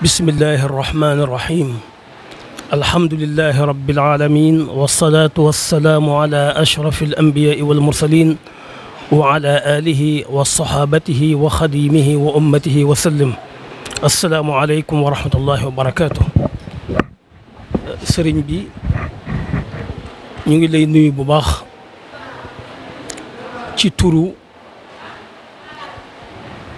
bismillahi arrahmani irrahim alhamdulilahi rabi ilaalamin walsalaatu walsalaamu ala ashrafi alambiyaai walmursalin wa ala alihi wa sahaabatihi wa xadimihi wa ummatihi wa sallim assalaamu aleykum wa rahmatullahi wa barakaatu sëriñ bi ñu ngi lay nuyu bu baax ci turu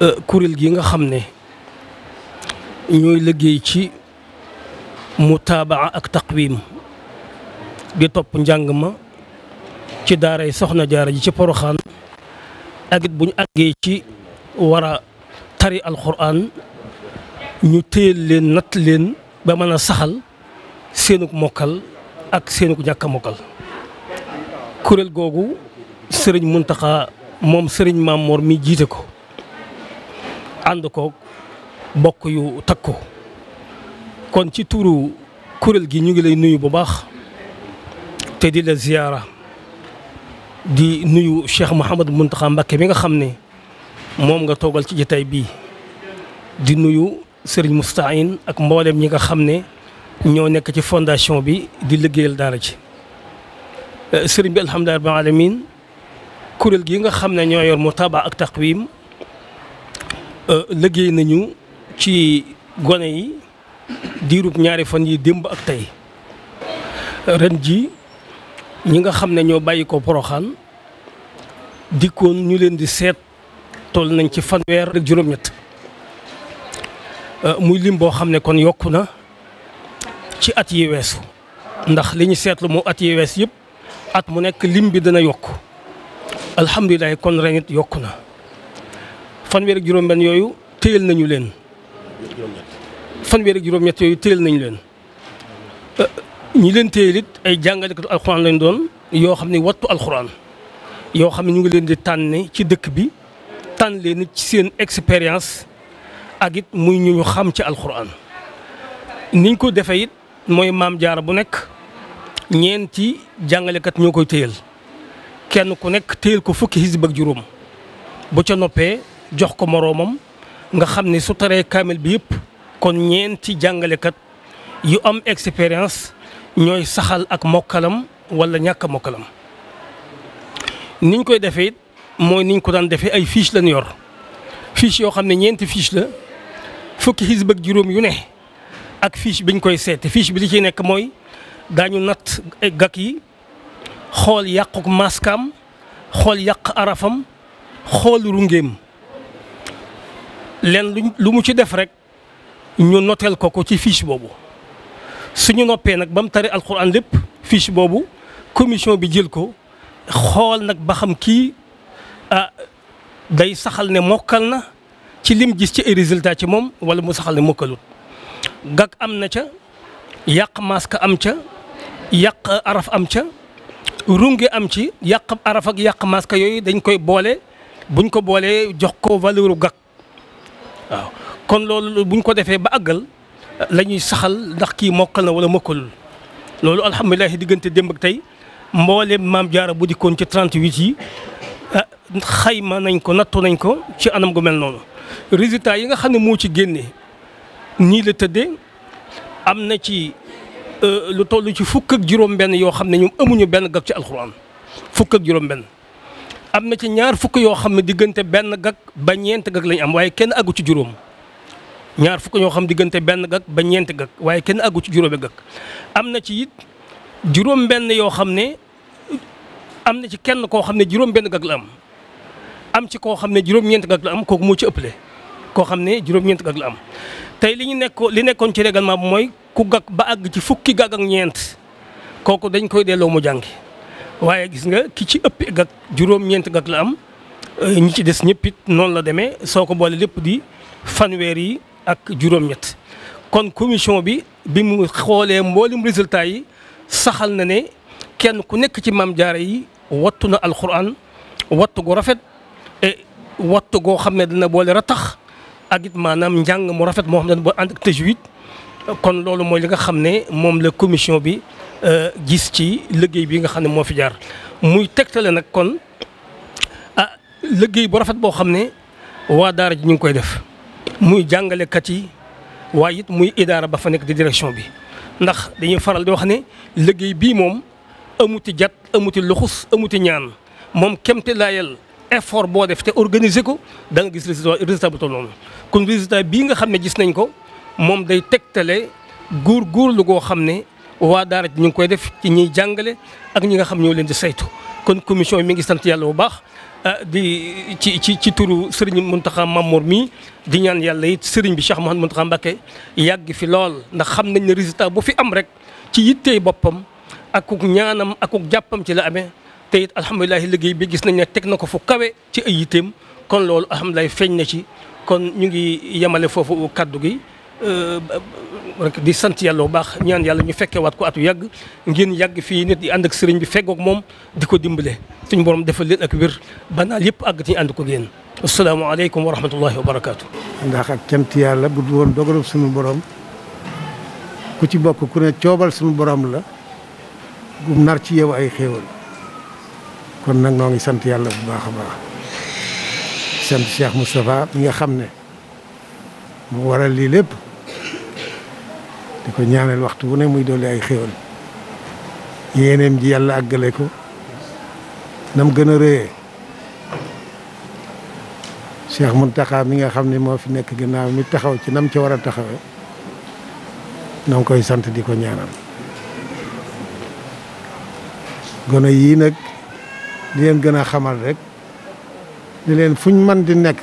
euh, kuréel gi nga xam ne ñooy liggéey ci mu mutaabaa ak taqwiim di topp njàng ma ci daaray soxna jaara ji ci poroxaan ak it bu ñu àggee ci wara tari alxuraan ñu téyel leen natt leen ba mën a saxal seenuk mokkal ak seenuk ñàkk mokkal kuréel googu sëriñ Muntaxa moom sëriñ Maam mi jiite ko ànd ko bokk yu takku kon ci tuuru kuréel gi ñu ngi lay nuyu bu baax te di la ziyaara di nuyu Cheikh Mouhamadou Mountakha Mbacké mi nga xam ne moom nga toogal ci jotaay bii di nuyu Serigne Moustahine ak mboolem ñi nga xam ne ñoo nekk ci fondation bi di liggéeyal daara ji eh, Serigne bi alhamdulilah rabbil alamin kuréel gi nga xam ne ñoo yor mu taaba ak taqwim eh, liggéey nañu ci gone yi diirub ñaari fan yi démb ak tey ren ji ñi nga xam ne ñoo bàyyi ko poroxaan dikkoon ñu leen di seet toll nañ ci fanweer ak juróom-ñett euh, muy lim boo xam ne kon yokku na ci at yi wees ndax li ñu seetlu mu at yi wees yëpp at mu nekk lim bi dana yokk alhamdulilah kon ren it yokku na fanweer ak juróom-benn yooyu téyel nañu leen fanweer ak juróom-ñett yooyu téyel nañ leen euh, ñi leen téyel ay jàngalekatu alxuraan lañ doon yoo xam ne wattu alxuraan yoo xam ne ñu ngi leen di tànne ci dëkk bi tànn leen ci seen expérience ak it muy ñu ñu xam ci alxuraan niñ ko defee it mooy maam jaara bu nekk ñeenti jàngalekat ñoo koy téyel kenn ku nekk téyel ko fukki xisib ak juróom bu ca noppee jox ko moroomam nga xam ne su taree kaamil bi yëpp kon ñeenti kat yu am expérience ñooy saxal ak mokkalam wala ñàkk a mokkalam niñ koy defee mooy niñ ko daan defee ay fiche lañ yor fiche yoo xam ne ñeenti fiche la fukki xisb ak juróom yu ne ak fiche biñ koy seet fiche bi li ciy nekk mooy daañu natt gàkk yi xool yàquk maskam xool yàq arafam xool rungeem leen lu mu ci def rek ñu noteel ko ko ci fiche boobu suñu noppee nag ba mu tari alxuraan lépp fiche boobu commission bi jël ko xool nag ba xam kii ah day saxal ne mokkal na ci lim gis ci ay résultat ci moom wala mu saxal ne mokkalut gag am na ca yàq maska am ca yàq araf am ca runge am ci yàq araf ak yàq maska yooyu dañ koy boole buñ ko boole jox ko valeur gag waaw kon loolu bu ñu ko defee ba àggal la ñuy saxal ndax kii mokkal na wala mokkalul loolu alhamdulilah diggante démb ak tey mbooleem maam jaara bu dikkoon ci 38 yi ah, xayma nañ ko nattu nañ ko ci anam gu noonu résultat yi nga xam na moo ci génne nii la tëddee am na ci euh, lu toll ci fukk juróom-benn yoo xam ne ñoom amuñu benn gag ci alxuraan fukk ak juróom-benn. am na ci ñaar fukk yoo xam ne diggante benn gag ba ñeent gag lañu am waaye kenn agu ci juróom ñaar fukk yoo xam diggante benn gag ba ñeent gag waaye kenn agu ci juróomi gag am na ci it juróom benn yoo xam ne am na ci kenn koo xam ne juróom benn la am am ci koo xam ne juróom-ñeent gag la am kooku moo ci ëppale koo xam ne juróom-ñeent gag la am tey li ñu nekk li nekkoon ci règlement bi mooy ku gag ba àgg ci fukki gag ak ñeent kooku dañ koy delloo mu jàngi waaye gis nga ki ci ëpp gag juróom-ñeent gag la am euh, ñi ci des ñëpp it noonu la demee soo ko boole lépp di fanweer yi ak juróom-ñett kon commission bi bi mu xoolee mboolem résultat yi saxal na ne kenn ku nekk ci maam jaara yi wattu na alxuraan wattu gu rafet e wattu goo xam ne dina boole ratax ak it maanaam njàng mu rafet moo xam ne dina boole ànd ak kon loolu mooy li nga xam ne moom la commission bi euh, gis ci liggéey bi nga xam ne moo fi jaar muy tegtale nag kon ah liggéey bu rafet boo xam ne waa daara ji ñu ngi koy def muy jàngalekat yi waaye it muy idaara ba fa nekk di direction bi ndax dañuy faral di wax ne liggéey bi moom amuti jat amuti luxus amuti ñaan moom kemte laayal effort boo def te organiser ko da nga gis résultat résultat bu toll noonu kon résultat bii nga xam ne gis nañ ko moom day tegtale góor góorlu goo xam ne waa daara ji ñu ngi koy def ci ñiy jàngale ak ñi nga xam ñoo leen di saytu kon commission mi ngi sant yàlla bu baax ah, di ci ci ci turu Serigne Mountakha Mamour mii di ñaan yàlla it Serigne bi Cheikh Mouhamadou Mountakha Mbacké yàgg fi lool ndax xam nañ ne résultat bu fi am rek ci yittey boppam ak ku ñaanam akuk jàppam ci la amee te it alhamdulilah liggéey bi gis nañ ne teg na ko fu kawe ci ay yitteem kon loolu alhamdulilah feeñ na ci kon ñu ngi yemale foofu kàddu gi. Euh, rek di sant yàlla bu baax ñaan yàlla ñu fekkee waat ko atu yàgg ngeen yàgg fii nit di ànd ak sëriñ bi feggoog moom di ko dimbale suñu borom defal leen ak wér banaal yëpp àgg ci ànd ko yéen asalaamaaleykum wa rahmatullahi wa barakaatu. ndax ak cant yàlla bu du woon dogalub suñu borom ku ci bokk ku ne coobal suñu borom la gum nar ci yow ay xéewal kon nag noo ngi sant yàlla bu baax a baax. sant Cheikh Moustapha mi nga xam ne mu waral lii lépp di ko ñaanal waxtu wu ne muy dolli ay xéwal yéeneem ji yàlla àggale ko nam gën a réyee Cheikh Mountakha mi nga xam ni moo fi nekk ginnaaw mi taxaw ci nam ci war a taxawee na nga koy sant di ko ñaanal gone yii nag di leen gën a xamal rek di leen fuñ man di nekk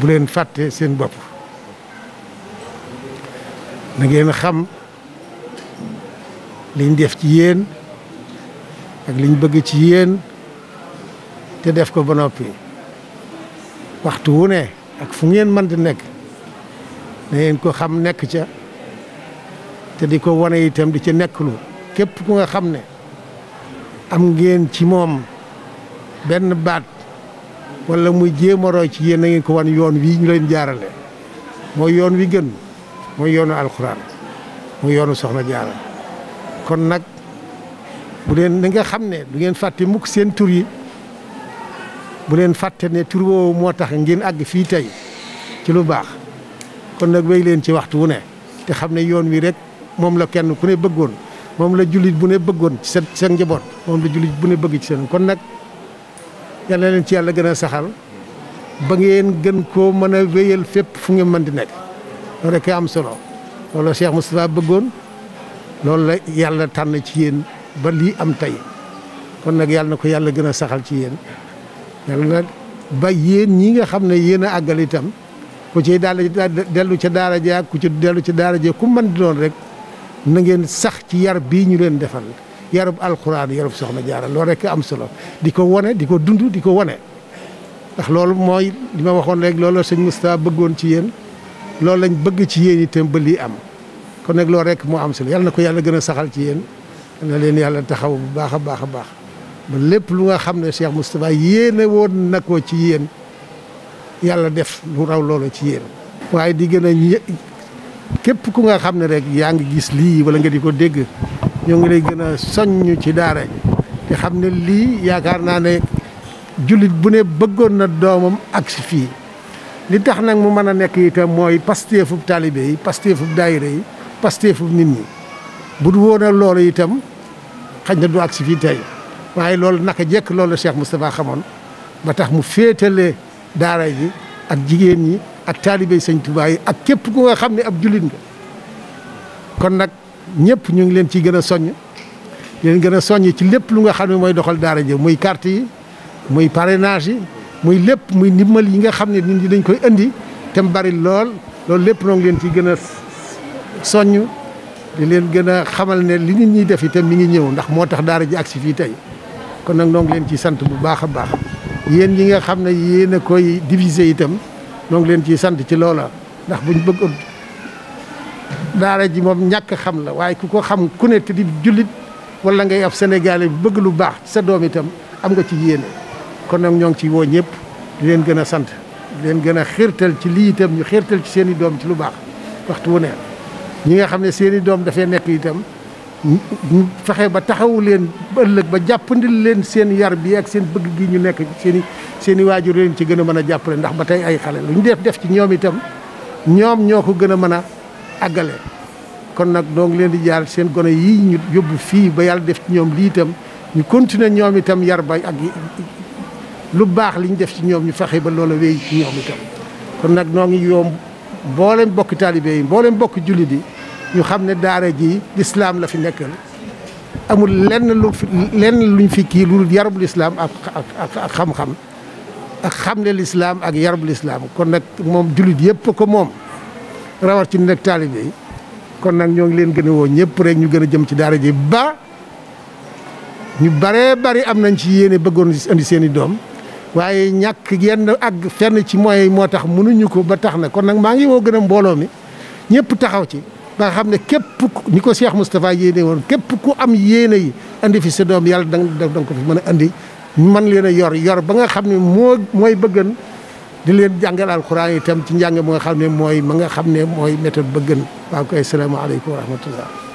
bu leen fàtte seen bopp na ngeen xam liñ def ci yéen ak liñ bëgg ci yéen te def ko ba noppi waxtu wu ne ak fu ngeen mën ti nekk na ngeen ko xam nekk ca te di ko wane itam di ci nekklu képp ku nga xam ne am ngeen ci moom benn baat wala muy jéem a ci yéen na ngeen ko wan yoon wi ñu leen jaarale mooy yoon wi gën muy yoonu alxuraan muy yoonu soxna jaara kon nag bu leen da nga xam ne du ngeen fàtte mukk seen tur yi bu leen fàtte ne tur woowu moo tax ngeen àgg fii tey ci lu baax kon nag wéy leen ci waxtu wu ne te xam ne yoon wi rek moom la kenn ku ne bëggoon moom la jullit bu ne bëggoon ci sa seen njaboot moom la jullit bu ne bëgg ci seen kon nag yal na leen ci yàlla gën a saxal ba ngeen gën koo mën a wéyal fépp fu ngeen mën di nekk loolu rek am solo loolu la Cheikh Moustapha bëggoon loolu la yàlla tànn ci yéen ba lii am tey kon nag yàlla na ko yàlla gën a saxal ci yéen yàlla ba yéen ñii nga xam ne yéen a àggal itam ku ci daal dellu ca daara ja ku ci dellu ca daara ja ku man di doon rek na ngeen sax ci yar bii ñu leen defal yarub alxuraan yarub soxna jaara loolu rekk am solo di ko wane di ko dund di ko wane ndax loolu mooy li ma waxoon rek loolu la sëñ Moustapha bëggoon ci yéen. loolu lañ bëgg ci yéen itam ba lii am kon nag loolu rek moo am solo yàlla na ko yàlla gën a saxal ci yéen na leen yàlla taxaw bu baax a baax a baax ba lépp lu nga xam ne Cheikh Moustapha yéene woon na ko ci yéen yàlla def lu raw loolu ci yéen. waaye di gën a képp ku nga xam ne rek yaa ngi gis lii wala nga di ko dégg ñoo ngi lay gën a soññ ci daara te xam ne lii yaakaar naa ne jullit bu ne bëggoon na doomam ak si fii. li tax nag mu mën a nekk itam mooy pasteefub taalibe yi pasteefub daayira yi pasteefub nit ñi bu du woon a loolu itam xaj na du ak si fii tey waaye lool naka jekk loolu Cheikh Moustapha xamoon ba tax mu féetale daara yi ak jigéen ñi ak taalibe yi Sëñ ak képp ku nga xam ni ab jullit nga kon nag ñëpp ñu ngi leen ciy gën a soññ leen gën a soññ ci lépp lu nga xam ne mooy doxal daara ji muy carte yi muy parrainage yi muy lépp muy ndimbal yi nga xam ne nit ñi dañ koy indi te mu bari lool loolu lépp noo ngi leen ci gën a soññ di leen gën a xamal ne li nit ñiy def itam mi ngi ñëw ndax moo tax daara ji agsi fii tey kon nag noo leen ci sant bu baax a baax yéen ñi nga xam ne yéen a koy diviser itam noo ngi leen ci sant ci loola ndax buñ bëggoon daara ji moom ñàkk xam la waaye ku ko xam ku ne te di jullit wala ngay ab sénégalais bu bëgg lu baax sa doom itam am ci yéene kon nag ñoo ngi ciy woo ñëpp di leen gën a sant leen gën a xirtal ci lii itam ñu xirtal ci seen i doom ci lu baax waxtu wu ne ñi nga xam ne seeni doom dafay nekk itam ñu fexe ba taxawu leen ba ëllëg ba jàppandil leen seen yar bi ak seen bëgg gi ñu nekk seen seeni waajur leen ci gën a mën a jàppale ndax ba tey ay xale lu ñu def def ci ñoom itam ñoom ñoo ko gën a mën a àggale kon nag doo leen di jaar seen gone yi ñu yóbbu fii ba yàlla def ci ñoom lii itam ñu continuer ñoom itam yar ba ak lu baax li ñu def ci ñoom ñu fexe ba loola wéy ci ñoom itam kon nag noo ngi mboole mboolem bokki taalibe yi mboolem bokki jullit yi ñu xam ne daara ji lislaam la fi nekkal amul lenn lu lenn luñ fi kii lu yarub lislaam ak ak xam-xam ak xam ne lislaam ak yarub lislaam kon nag moom jullit yëpp ko moom rawat ci nag taalibe kon nag ñoo ngi leen gën a woo ñëpp rek ñu gën a jëm ci daara ji ba ñu bare bari am nañ ci yéene bëggoon indi seeni doom waaye ñàkk yenn ak fenn ci moyens yi moo tax munuñu ko ba tax na kon nag maa ngi woo gën a mbooloo mi ñëpp taxaw ci ba xam ne képp ni ko Cheikh Moustapha yéene woon képp ku am yéene yi indi fi sa doom yàlla da nga ko fi mën a andi man leen a yor yor ba nga xam ne moo mooy bëggën di leen jàngal alxuraan itam ci njàng mu nga xam ne mooy ma nga xam ne mooy méthode bëggan waa koy asalaamaaleykum wa rahmatullah